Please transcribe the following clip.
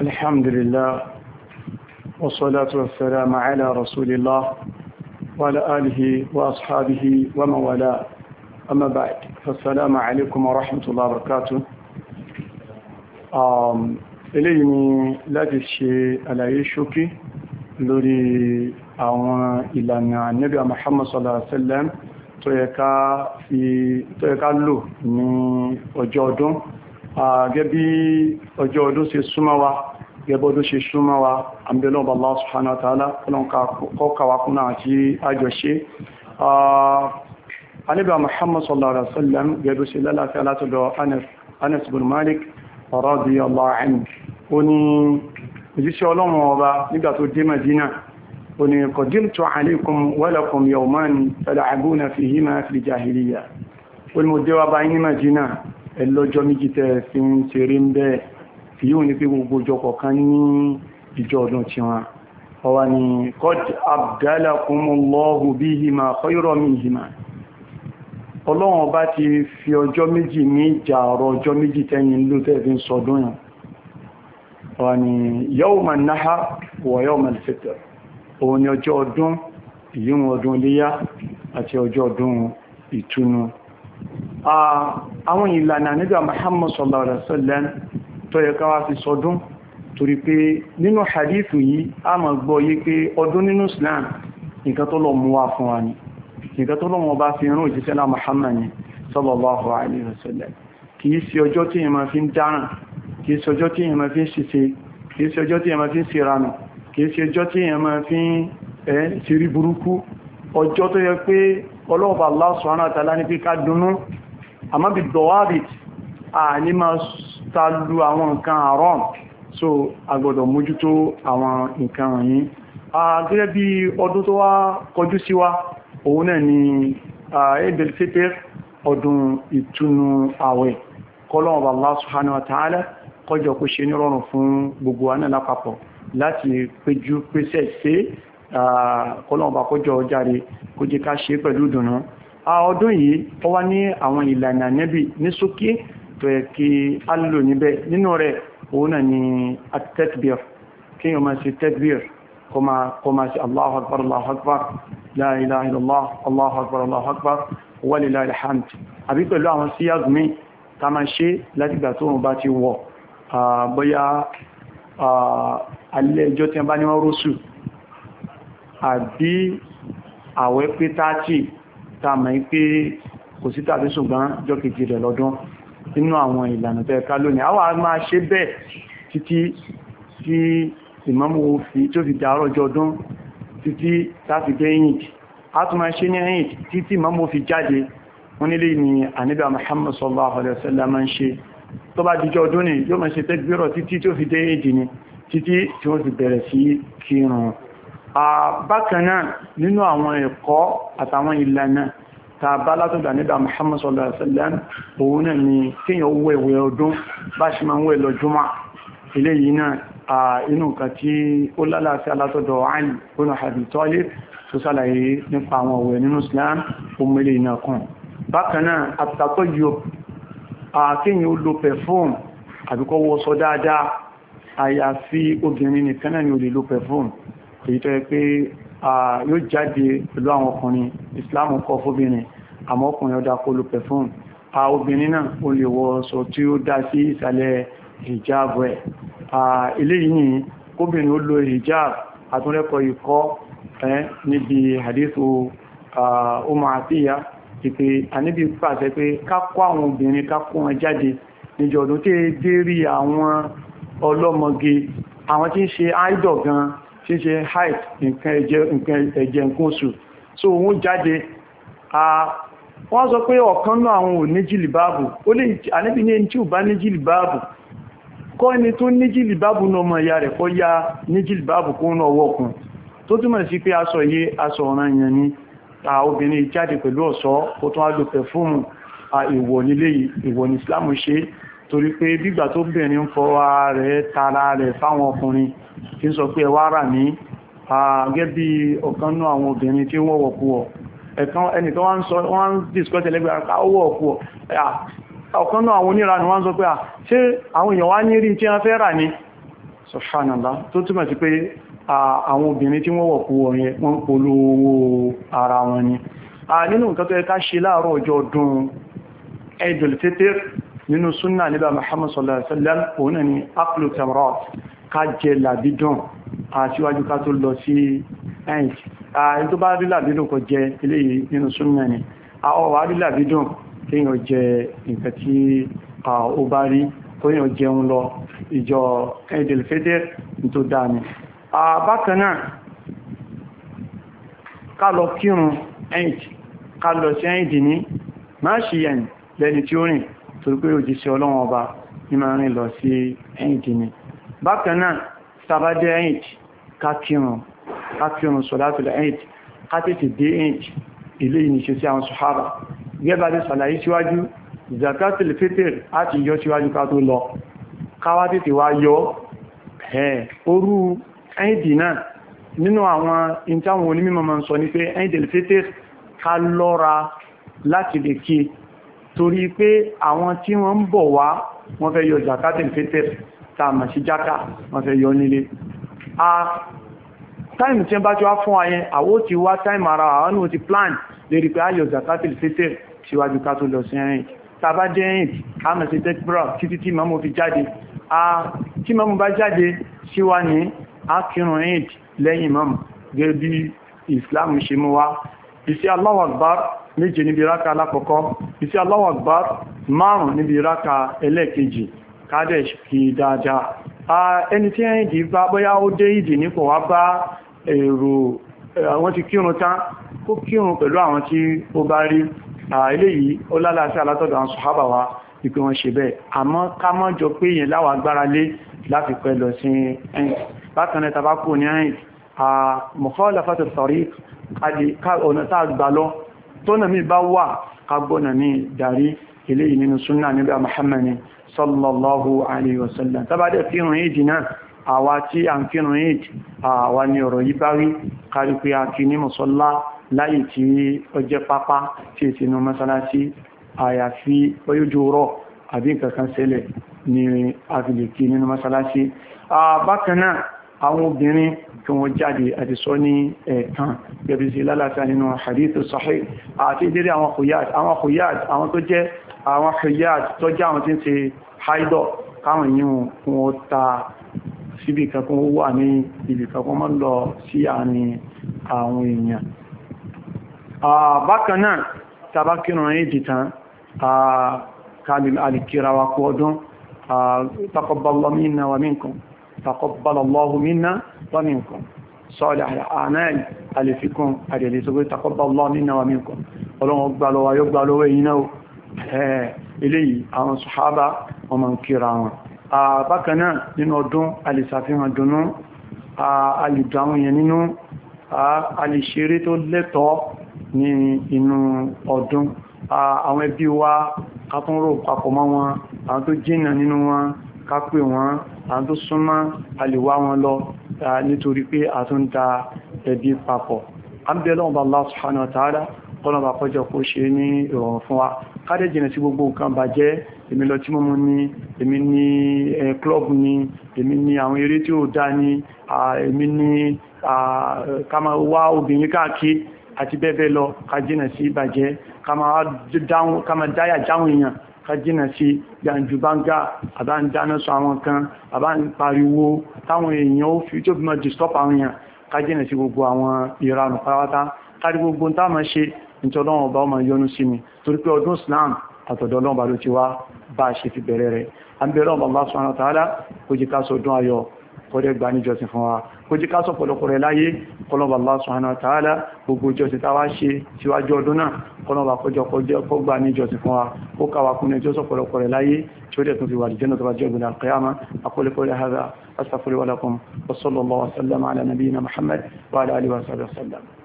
الحمد لله والصلاة والسلام على رسول الله وعلى آله وأصحابه ومن والاه أما بعد فالسلام عليكم ورحمة الله وبركاته eléyìí ni láti ṣe àlàyé ṣókí lórí àwọn ìlànà Nábì Muhammad sallallahu alaihi wasallam tó yẹ ká lò ní ọjọ́ ọdún uh, gẹ́bí ọjọ́ ọdún ṣe súnmọ́ wa gẹ́bọ́ ló ṣe súnmọ́ wa àmìlọ́bà Allah subhanahu wa ta'ala kọ́kàwàkún náà tí a jọ ṣe alẹ́bà Muhammad sallallahu alaihi wasallam gẹ́bọ́ sí lálàáfíà látọ̀dọ̀ Anas bin Malik radiyallahu anhu ó ní òjíṣẹ́ Ọlọ́run ọba nígbà tó dé Madina ó ní qadimtu alaykum wa lakum yawman tal'abuna fihima fil jahiliya ó bá yín ní Madina ẹlọ́jọ́ méjì fi ń ṣeré ń bẹ́ẹ̀ tí yóò ní pé gbogbo ìjọ kọ̀ọ̀kan ní ìjọ ọdún tí wọn ọwà ni qad abdalakumullahu bihima khayran minhuma ọlọ́run ọba ti fi ọjọ́ méjì ní ìjà ọ̀rọ̀ ọjọ́ méjì tẹ́yìn ló tẹ́ẹ̀fí ń sọdún yàn ọ̀rọ̀ ni yawma nahar wa yawma al-fitr òun ni ọjọ́ ọdún àwọn ìlànà nígbà Muhammad sallallahu alaihi wasallam tó yẹ ká wá fi sọdún torí pé nínú hadith yìí a máa gbọ́ yé pé ọdún nínú Islam nǹkan tó lọ mú wá fún wa ni nǹkan tó lọ́wọ́ bá fi rán òjíṣẹ́ lá Muhammad sallallahu alaihi wasallam kìí sí ọjọ́ tí èèyàn máa fi ń dáràn kìí sí ọjọ́ tí èèyàn máa fi ń ṣiṣẹ́ tàlú àwọn nǹkan àrọ́m so agbọ́dọ̀ mójútó àwọn nǹkan yìí gẹ́gẹ́ bí ọdún tó wá kọjú sí wa òun náà ni Eid al-Fitr ọdún ìtúnu àwẹ̀ kọlọ́wọ̀n Allah subhanahu wa ta'ala kọjọ kó ṣe nírọ̀rùn fún gbogbo wa náà lápapọ̀ láti péjú pésẹ̀ sí kọlọ́ọ̀bá kọjọ jáde kó jẹ́ ká ṣe pẹ̀lú ọdún yìí ó ní àwọn ìlànà nẹ́bì ní sókè tó yẹ kí a lò níbẹ̀ nínú rẹ̀ òun náà ni at-takbir kí yíò máa ṣe takbir kó máa ṣe Allahu akbar Allahu akbar la ilaha illallah Allahu akbar Allahu akbar wa lillahil hamd àbí pẹ̀lú àwọn sí yàgùnmí ta máa ṣe láti gbà tó bá ti inú àwọn ìlànà tẹ́ ká lónìí àwọn a máa ṣe bẹ́ẹ̀ títí tí ìmọ́mù fi tó fi dárọ̀ jọdún títí láti gbé yìí a tún máa ṣe ní ẹ̀yìn títí ìmọ́mù fi jáde wọ́n nílé ni àníbà Muhammad sallallahu alaihi wasallam máa ń ṣe tó bá dijọ́ ọdún ni yóò máa ṣe tẹ́gbẹ́rọ̀ títí tó fi dé èdè ni títí tí wọ́n fi tàbá látọ̀dà nígbà Muhammad sallallahu alaihi wasallam òun náà ni kíyàn wọ ìwẹ̀ ọdún bá ṣe máa ń wẹ̀ lọ jùmọ́ ilé yìí náà inú nǹkan tí ó lálàáfí alátọ̀dọ̀ Ali ibn Abi Talib tó sálàyé perfume àbíkọ́ wọ́sọ dáadáa àyàfi obìnrin nìkan náà perfume èyí tó yóò jáde pẹ̀lú àwọn ọkùnrin islam kọ̀ fóbìnrin àmọ́ ọkùnrin ọdá kó lo perfume a obìnrin náà ó lè wọ sọ tí ó dá sí ìsàlẹ̀ hijab ẹ̀ eléyìí ni kóbìnrin ó lo hijab àtúnrẹ́kọ̀ ikọ́ níbi hadithu ọmọ àfíyà ìpè àníbi pàṣẹ pé kákó àwọn obìnrin kákó wọn jáde níjọ ọdún tí dé rí àwọn ọlọ́mọge àwọn tí ń ṣe idol gan-an tí ṣe haid nǹkan ẹ̀jẹ̀ nǹkan oṣù so wọ́n jáde wọ́n sọ pé ọ̀kan náà àwọn ò ní jìlìbáàbù ó lè àníbi ní tí ò bá ní jìlìbáàbù kọ́ ẹni tó ní jìlìbáàbù náà mọ̀ ìyá rẹ̀ kọ́ ya ní jìlìbáàbù kó náà wọ́kùn tó túnmọ̀ sí pé aṣọ yé aṣọ ọ̀ràn yẹn ni ta obìnrin jáde pẹ̀lú ọ̀ṣọ́ ó tún á lò pẹ̀fúmù ìwọ̀ nílé ìwọ̀ ní Islam ṣe torí pé bígbà tó bẹ̀rin ń fọwọ́ rẹ̀ tara rẹ̀ fáwọn ọkùnrin tí ń sọ pé ẹwà rà ní gẹ́gẹ́ bí àwọn obìnrin tí wọ́n wọ̀kú ọ̀ ẹnìkan wọ́n ń wọ́n ń discuss ẹlẹ́gbẹ̀ẹ́ ọwọ́ ọ̀kú ọ̀ ọ̀kan náà àwọn oníranù wọ́n sọ pé à ṣe àwọn èèyàn wá ní rí tí wọ́n fẹ́ rà ní sọ̀fánàlá tó túnmọ̀ sí pé àwọn obìnrin tí wọ́n wọ̀kú wọ̀nyẹ wọ́n polówó ara nínú súnnà níbà Muhammad sallallahu alaihi wasallam òun náà ni aklu tamrat ká jẹ làbídùn àṣíwájú ká tó lọ sí ẹ̀yìn ààrin tó bá rí làbídùn kọ jẹ eléyìí nínú súnnà ni àwọ̀wà rí làbídùn kéèyàn jẹ nǹkan tí ó bá rí kéèyàn jẹun lọ ìjọ ẹ̀dẹ̀lẹ̀fẹ́dẹ̀ tó dáa ni bákan náà ká lọ kírun ẹ̀yìn ká lọ sí ẹ̀yìn dì ní máṣíyàn lẹ́ni tí ó rìn torí pé òjíṣẹ́ ọlọ́wọ́n ọba ní máa rìn lọ sí ẹ̀yìndì ni bákan náà tàbádé ẹ̀yìndì kákírùn kákírùn sọ̀látùlẹ̀ ẹ̀yìndì kátètè dé ẹ̀yìndì ilé ìníṣẹ́ sí àwọn sọ̀hábà gẹ́bà ti sàlàyé síwájú zakatul fitr láti yọ síwájú ká tó lọ káwá tètè wá yọ ẹ̀ orú ẹ̀yìndì náà nínú àwọn ìntàwọn onímọ̀ máa ń sọ láti lè kí torí pé àwọn tí wọ́n ń bọ̀ wá wọ́n fẹ́ yọ jàkátì fẹ́tẹ̀ tààmà sí jákà wọ́n fẹ́ yọ nílé a táìmù tí bá tí wá fún ayẹn àwó ti wá táìmù ara àwọn ní ti plan lérí pé ayọ jàkátì fẹ́tẹ̀ síwájú ká tó lọ sí ẹ̀yìn tàbá jẹ́ ẹ̀yìn àmà sí tẹ́kbúrà títí tí mọ́mú fi a tí mọ́mú bá jáde síwá a kírun ẹ̀yìn lẹ́yìn mọ́mú gẹ́gẹ́ bí Islam ṣe mú ìṣe Allahu Akbar méje níbi ráka alákọ̀ọ́kọ́ ìṣe Allahu Akbar márùn níbi ráka ẹlẹ́ẹ̀kejì kádẹ̀ṣ kí dáadáa ẹni tí ẹ̀yìn dìí bá bóyá ó dé ìdì nípò wá bá èrò àwọn tí kírun tán kó kírun pẹ̀lú àwọn tí ó bá rí eléyìí ó lálàáṣẹ́ alátọ́dọ̀ àwọn sọ̀hábà wa ìpé wọn ṣe bẹ́ẹ̀ àmọ́ ká mọ́ jọ pé èèyàn láwà agbára lé láti pẹ́ lọ sí ẹ̀yìn bákan náà tabakú ní ẹ̀yìn mọ̀kọ́ lafátọ̀ tọ̀rí ọ̀nà tá gbà lọ tọ́nà mi bá wà kagbọ́nà ní darí ilé nínú súnnà nígbà Muhammadin sallallahu alaihi wasallam tàbádẹ̀ fíhùn èdè náà àwa tí a ń fíhùn èdè àwa ni ọ̀rọ̀ yí bárí kárí pé a kí ní mọ̀sọ́lá láyé tí ó jẹ́ pápá tí è sínú mọ́sálásí àyàfi ọyójú àwọn obìnrin kí wọ́n jáde àti sọ ní ẹ̀ẹ̀kan gẹ̀bí sí lálàáfíà nínú hadithu sahih àti ìdírí àwọn kòyàt àwọn kòyàt àwọn tó jẹ́ àwọn kòyàt tó jẹ́ àwọn tí ń ṣe haidọ̀ káwọn yíò kún ó ta síbì kankan ó wà ní ibì kankan mọ́ lọ تقبل الله منا ومنكم صالح الأعمال ألفكم أجل تقول تقبل الله منا ومنكم ولو أقبلوا ويقبلوا وينو إلي àwọn sàhábà ọmọ ìkìrà wọn bákanáà nínú ọdún alìsàfihàn dùnú alìdù àwọn èèyàn nínú alìṣeré tó lẹ́tọ̀ọ́ ní inú ọdún àwọn ẹbí wa ká tún rò papọ̀ mọ́ wọn àwọn tó jìnnà nínú wọn ká pè wọ́n àwọn tó súnmọ́ àlèwà wọn lọ nítorí pé a tún da ẹbí papọ̀ abdẹ́lọ́wọ́n Allah subhanahu wa ta'ala kọ́lọ̀bà kọjọ kó ṣe ní ìrọ̀rùn fún wa káàdẹ̀ jìnà sí gbogbo nǹkan bàjẹ́ èmi lọ tí mọ́mọ́ ní èmi ní club ní èmi ní àwọn eré tí ó dá ní èmi ní kama wá obìnrin káàkiri àti bẹ́ẹ̀ bẹ́ẹ̀ lọ ká jìnà sí bàjẹ́ kama dáyà jáwọn èèyàn kájínà sí jàǹjùbáńgá àbá ń dáná sọ àwọn kan àbá ń pariwo táwọn èèyàn ó fi tó fi mọ́ distop àwọn èèyàn kájínà sí gbogbo àwọn ìranù pátápátá kárí gbogbo táwọn ṣe ìtọ́lọ́wọ̀n ọba ọmọ yọnu sí mi torí pé ọdún Islam àtọ̀dọ̀ ọlọ́ọ̀bà ló ti wá bá ṣe fi bẹ̀rẹ̀ rẹ̀ kọ́dẹ̀ gbà ní jọsìn fún wa kó jí ká sọ́pọ̀lọpọ̀ rẹ̀ láyé kọlọ̀bà Allah subhanahu wa ta'ala gbogbo jọsìn táwá ṣe síwájú ọdún náà kọlọ̀bà kó gbà ní jọsìn fún wa ó kàwà kún ẹjọ́ sọ́pọ̀lọpọ̀ rẹ̀ láyé tí ó dẹ̀ tún fi wà jẹ́nà tó bá jẹ́ ìgbìnà al-qiyama akólẹ́kọ́lẹ́